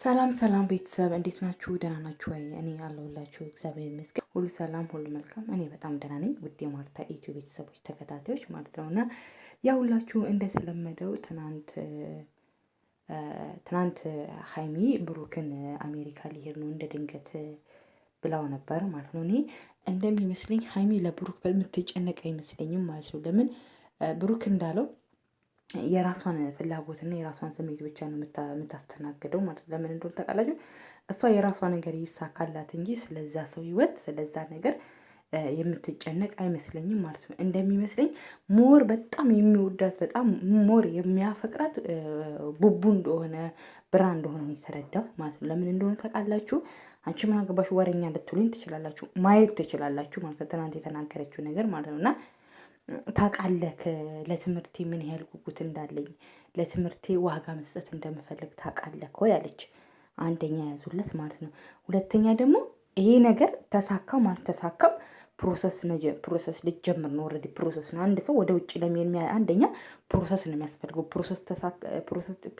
ሰላም ሰላም ቤተሰብ እንዴት ናችሁ? ደህና ናችሁ ወይ? እኔ አለሁላችሁ። እግዚአብሔር ይመስገን፣ ሁሉ ሰላም፣ ሁሉ መልካም። እኔ በጣም ደህና ነኝ። ውድ የማርታ ኢትዮ ቤተሰቦች ተከታታዮች ማለት ነው እና ያው ሁላችሁ እንደተለመደው ትናንት ትናንት ሀይሚ ብሩክን አሜሪካ ሊሄድ ነው እንደ ድንገት ብላው ነበር ማለት ነው። እኔ እንደሚመስለኝ ሀይሚ ለብሩክ በምትጨነቅ አይመስለኝም ማለት ነው። ለምን ብሩክ እንዳለው የራሷን ፍላጎትና የራሷን ስሜት ብቻ ነው የምታስተናግደው ማለት ነው። ለምን እንደሆነ ታውቃላችሁ? እሷ የራሷ ነገር ይሳካላት እንጂ ስለዛ ሰው ህይወት ስለዛ ነገር የምትጨነቅ አይመስለኝም ማለት ነው። እንደሚመስለኝ ሞር በጣም የሚወዳት በጣም ሞር የሚያፈቅራት ቡቡ እንደሆነ ብራ እንደሆነ የተረዳው ማለት ነው። ለምን እንደሆነ ታውቃላችሁ? አንቺ ምን አገባሽ ወረኛ ልትሉኝ ትችላላችሁ፣ ማየት ትችላላችሁ ማለት ነው። ትናንት የተናገረችው ነገር ማለት ነው እና ታውቃለህ ለትምህርቴ ምን ያህል ጉጉት እንዳለኝ ለትምህርቴ ዋጋ መስጠት እንደምፈልግ ታውቃለህ ወይ አለች። አንደኛ ያዙለት ማለት ነው። ሁለተኛ ደግሞ ይሄ ነገር ተሳካም አልተሳካም ፕሮሰስ ፕሮሰስ ልጀምር ነው ኦልሬዲ ፕሮሰስ ነው። አንድ ሰው ወደ ውጭ ለሚሄድ አንደኛ ፕሮሰስ ነው የሚያስፈልገው ፕሮሰስ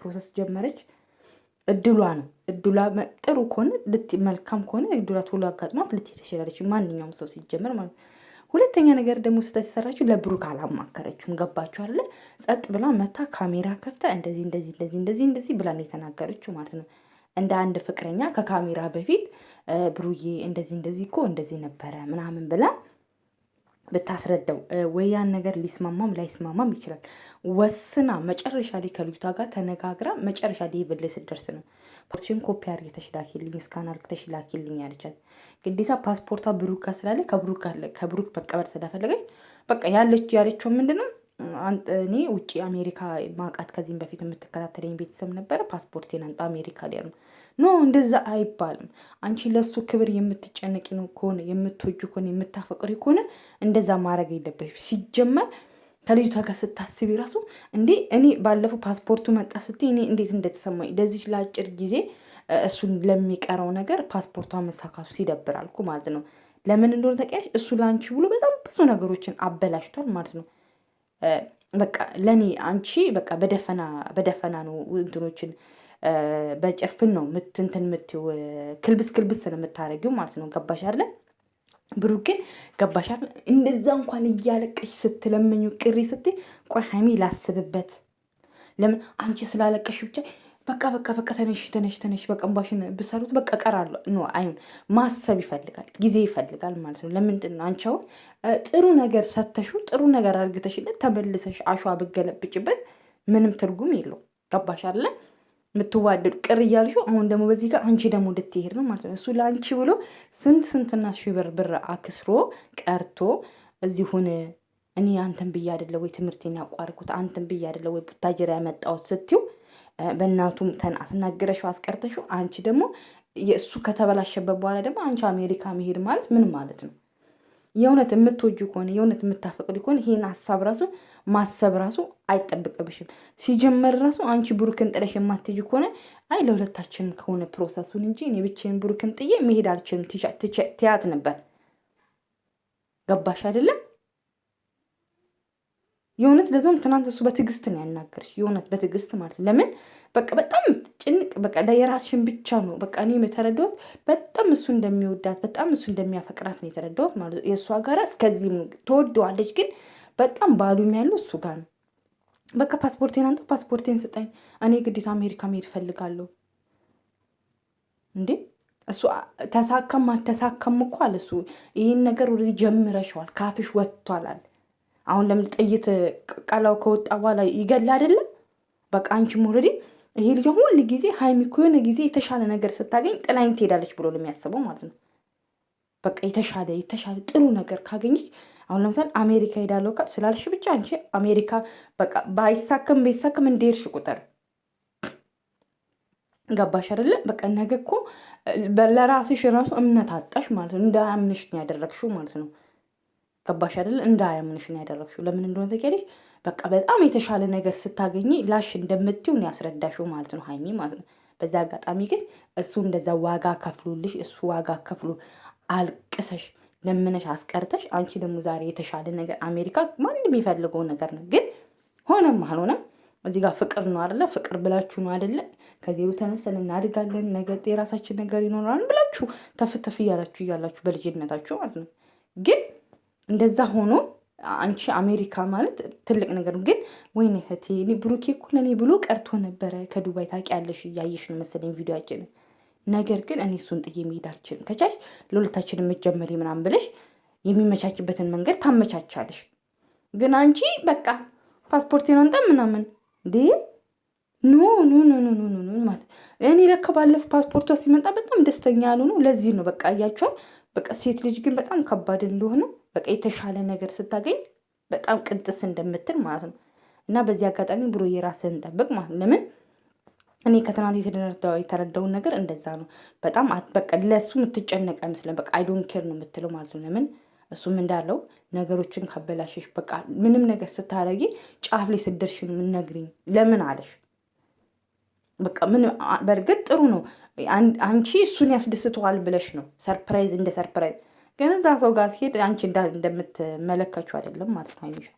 ፕሮሰስ ጀመረች። እድሏ ነው እድሏ ጥሩ ከሆነ መልካም ከሆነ እድሏ ቶሎ አጋጥሟት ልትሄድ ትችላለች ማንኛውም ሰው ሲጀመር ማለት ነው ሁለተኛ ነገር ደግሞ ስህተት የሰራችው ለብሩክ አላማከረችሁም። ገባችሁ አለ ጸጥ ብላ መታ ካሜራ ከፍታ እንደዚህ እንደዚህ እንደዚህ እንደዚህ እንደዚህ ብላ የተናገረችው ማለት ነው። እንደ አንድ ፍቅረኛ ከካሜራ በፊት ብሩዬ እንደዚህ እንደዚህ እኮ እንደዚህ ነበረ ምናምን ብላ ብታስረዳው ወይ ያን ነገር ሊስማማም ላይስማማም ይችላል። ወስና መጨረሻ ላይ ከልጅቷ ጋር ተነጋግራ መጨረሻ ላይ ብልህ ስትደርስ ነው ፓስፖርትሽን ኮፒ አድርገሽ ላኪልኝ፣ እስካን አድርገሽ ላኪልኝ ያለቻት። ግዴታ ፓስፖርቷ ብሩክ ጋር ስላለ ከብሩክ መቀበል ስለፈለገች በቃ ያለች ያለችው ምንድን ነው እኔ ውጭ አሜሪካ ማውቃት ከዚህም በፊት የምትከታተለኝ ቤተሰብ ነበረ። ፓስፖርቴን አንጣ አሜሪካ ሊያሉ ኖ እንደዛ አይባልም። አንቺ ለሱ ክብር የምትጨነቂ ነው ከሆነ የምትወጁ ከሆነ የምታፈቅሪ ከሆነ እንደዛ ማድረግ የለበት። ሲጀመር ከልጅቷ ጋር ስታስቢ ራሱ እንዴ እኔ ባለፈው ፓስፖርቱ መጣ ስትይ እኔ እንዴት እንደተሰማኝ ለዚች ለአጭር ጊዜ እሱን ለሚቀረው ነገር ፓስፖርቷ መሳካቱ ሲደብር አልኩ ማለት ነው። ለምን እንደሆነ ታውቂያለሽ? እሱ ለአንቺ ብሎ በጣም ብዙ ነገሮችን አበላሽቷል ማለት ነው። በቃ ለእኔ አንቺ በቃ በደፈና በደፈና ነው እንትኖችን በጨፍን ነው ምትንትን ምትው ክልብስ ክልብስ ስለምታረጊው ማለት ነው። ገባሽ አለ ግን ገባሽ አለ። እንደዛ እንኳን እያለቀሽ ስትለምኙ ቅሪ ስትይ ቆይ ሀይሚ ላስብበት ለምን አንቺ ስላለቀሽ ብቻ በቃ በቃ በቃ ተነሽ ተነሽ ተነሽ በቃ እምባሽን ብሳሉት በቃ እቀራለሁ ኖ አይሁን። ማሰብ ይፈልጋል ጊዜ ይፈልጋል ማለት ነው። ለምንድን ነው አንቺ ጥሩ ነገር ሰተሹ ጥሩ ነገር አድርግተሽለት ተመልሰሽ አሸዋ ብገለብጭበት ምንም ትርጉም የለው። ገባሽ አለ የምትዋደዱ ቅር እያልሽው አሁን ደግሞ በዚህ ጋር አንቺ ደግሞ እንድትሄድ ነው ማለት ነው። እሱ ለአንቺ ብሎ ስንት ስንትና ሺህ ብር ብር አክስሮ ቀርቶ እዚሁን እኔ አንተን ብዬ አይደለ ወይ ትምህርቴን ያቋርኩት አንተን ብዬ አይደለ ወይ ቡታጅራ ያመጣሁት ስትይው በእናቱም ተን አስናገረሽው አስቀርተሽው አንቺ ደግሞ የእሱ ከተበላሸበት በኋላ ደግሞ አንቺ አሜሪካ መሄድ ማለት ምን ማለት ነው? የእውነት የምትወጁ ከሆነ የእውነት የምታፈቅዱ ከሆነ ይህን ሀሳብ ራሱ ማሰብ ራሱ አይጠብቅብሽም። ሲጀመር ራሱ አንቺ ብሩክን ጥለሽ የማትጅ ከሆነ አይ ለሁለታችን ከሆነ ፕሮሰሱን እንጂ እኔ ብቻዬን ብሩክን ጥዬ መሄድ አልችልም ትያት ነበር። ገባሽ አይደለም? የእውነት ለዚም ትናንት እሱ በትዕግስት ነው ያናገርሽ። የእውነት በትዕግስት ማለት ለምን በቃ በጣም ጭንቅ በቃ የራስሽን ብቻ ነው በቃ እኔም የተረዳሁት በጣም እሱ እንደሚወዳት በጣም እሱ እንደሚያፈቅራት ነው የተረዳሁት ማለት የእሷ ጋር እስከዚህም ተወደዋለች፣ ግን በጣም ባሉም ያለው እሱ ጋር ነው። በቃ ፓስፖርቴን አንተ ፓስፖርቴን ስጠኝ፣ እኔ ግዴታ አሜሪካ መሄድ እፈልጋለሁ። እንዴ እሱ ተሳካም አልተሳካም እኮ አለ እሱ ይህን ነገር ወደ ጀምረሸዋል፣ ካፍሽ ወጥቷል አለ አሁን ለምን ጥይት ቀላው ከወጣ በኋላ ይገል አይደለም በቃ አንቺ ሞረዲ ይሄ ልጅ ሁል ጊዜ ሀይሚ እኮ የሆነ ጊዜ የተሻለ ነገር ስታገኝ ጥላኝ ትሄዳለች ብሎ ለሚያስበው የሚያስበው ማለት ነው። በቃ የተሻለ የተሻለ ጥሩ ነገር ካገኘች አሁን ለምሳሌ አሜሪካ ሄዳለሁ ስላልሽ ብቻ አንቺ አሜሪካ በቃ ባይሳከም ባይሳከም እንደሄድሽ ቁጥር ገባሽ አይደለ? በቃ ነገ እኮ ለራስሽ ራሱ እምነት አጣሽ ማለት ነው። እንዳያምንሽ ነው ያደረግሽው ማለት ነው። ገባሽ አይደለ? እንዳያምንሽን ያደረግሽው ለምን እንደሆነ ተቀደሽ። በቃ በጣም የተሻለ ነገር ስታገኝ ላሽ እንደምትይው ነው ያስረዳሽው ማለት ነው ሀይሚ ማለት ነው። በዛ አጋጣሚ ግን እሱ እንደዛ ዋጋ ከፍሉልሽ እሱ ዋጋ ከፍሉ አልቅሰሽ ለምነሽ አስቀርተሽ፣ አንቺ ደግሞ ዛሬ የተሻለ ነገር አሜሪካ ማንም የፈልገው ነገር ነው። ግን ሆነም አልሆነም እዚህ ጋር ፍቅር ነው አደለ? ፍቅር ብላችሁ ነው አደለ? ከዜሮ ተነስተን እናድጋለን፣ ነገ የራሳችን ነገር ይኖራል ብላችሁ ተፍተፍ እያላችሁ እያላችሁ በልጅነታችሁ ማለት ነው ግን እንደዛ ሆኖ አንቺ አሜሪካ ማለት ትልቅ ነገር ግን፣ ወይኔ እህቴ ብሩኬ እኮ ለእኔ ብሎ ቀርቶ ነበረ ከዱባይ ታውቂያለሽ፣ እያየሽን መሰለኝ ቪዲዮችን። ነገር ግን እኔ እሱን ጥዬ መሄድ አልችልም። ከቻሽ ለሁለታችን የምትጀመሪ ምናምን ብለሽ የሚመቻችበትን መንገድ ታመቻቻለሽ። ግን አንቺ በቃ ፓስፖርት ነንጠ ምናምን እንዴ ኖ ኖ ኖ ኖ ኖ ኖ ማለት እኔ ለካ ባለፈው ፓስፖርቷ ሲመጣ በጣም ደስተኛ ያሉ ነው። ለዚህ ነው በቃ እያቸዋል በቃ ሴት ልጅ ግን በጣም ከባድ እንደሆነ በቃ የተሻለ ነገር ስታገኝ በጣም ቅንጥስ እንደምትል ማለት ነው። እና በዚህ አጋጣሚ ብሮ የራስህን ጠብቅ ማለት ነው። ለምን እኔ ከትናንት የተረዳውን ነገር እንደዛ ነው። በጣም በቃ ለእሱ የምትጨነቅ አይመስለን በቃ አይዶን ኬር ነው የምትለው ማለት ነው። ለምን እሱም እንዳለው ነገሮችን ካበላሸሽ በቃ ምንም ነገር ስታደርጊ ጫፍ ላይ ስደርሽ ነው የምነግሪኝ ለምን አለሽ። በቃ ምን በእርግጥ ጥሩ ነው አንቺ እሱን ያስደስተዋል ብለሽ ነው ሰርፕራይዝ እንደ ሰርፕራይዝ። ግን እዛ ሰው ጋር ሲሄድ አንቺ እንደምትመለከቹ አይደለም ማለት ነው።